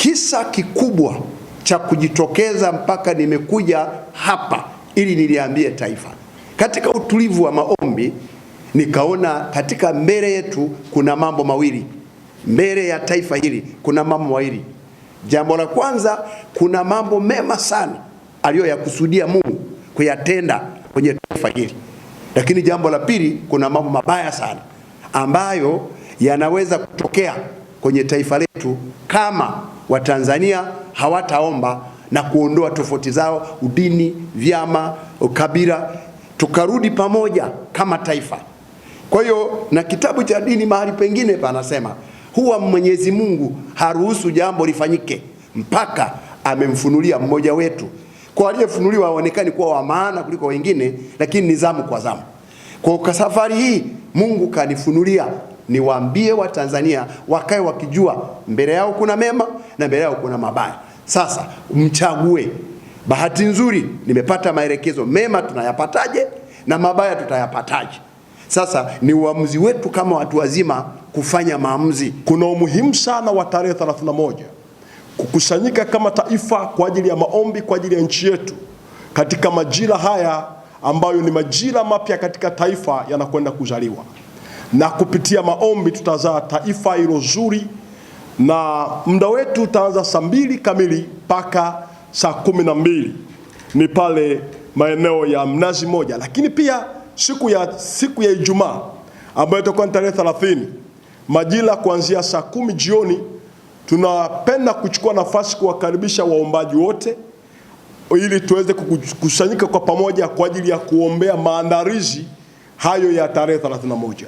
Kisa kikubwa cha kujitokeza mpaka nimekuja hapa ili niliambie taifa, katika utulivu wa maombi nikaona katika mbele yetu kuna mambo mawili, mbele ya taifa hili kuna mambo mawili. Jambo la kwanza, kuna mambo mema sana aliyoyakusudia Mungu kuyatenda kwenye taifa hili, lakini jambo la pili, kuna mambo mabaya sana ambayo yanaweza kutokea kwenye taifa letu kama Watanzania hawataomba na kuondoa tofauti zao, udini, vyama, ukabila, tukarudi pamoja kama taifa. Kwa hiyo na kitabu cha dini mahali pengine panasema huwa Mwenyezi Mungu haruhusu jambo lifanyike mpaka amemfunulia mmoja wetu. Kwa aliyefunuliwa aonekani kuwa wa maana kuliko wengine, lakini ni zamu kwa zamu. Kwa safari hii Mungu kanifunulia niwaambie Watanzania wakae wakijua mbele yao kuna mema na mbele yao kuna mabaya. Sasa mchague. Bahati nzuri nimepata maelekezo mema, tunayapataje na mabaya tutayapataje? Sasa ni uamuzi wetu kama watu wazima kufanya maamuzi. Kuna umuhimu sana wa tarehe 31 kukusanyika kama taifa kwa ajili ya maombi kwa ajili ya nchi yetu katika majira haya ambayo ni majira mapya katika taifa yanakwenda kuzaliwa, na kupitia maombi tutazaa taifa hilo zuri na muda wetu utaanza saa mbili kamili mpaka saa kumi na mbili ni pale maeneo ya Mnazi Moja, lakini pia siku ya, siku ya Ijumaa ambayo itakuwa ni tarehe 30 majira kuanzia saa kumi jioni, tunapenda kuchukua nafasi kuwakaribisha waombaji wote ili tuweze kukusanyika kwa pamoja kwa ajili ya kuombea maandalizi hayo ya tarehe 31.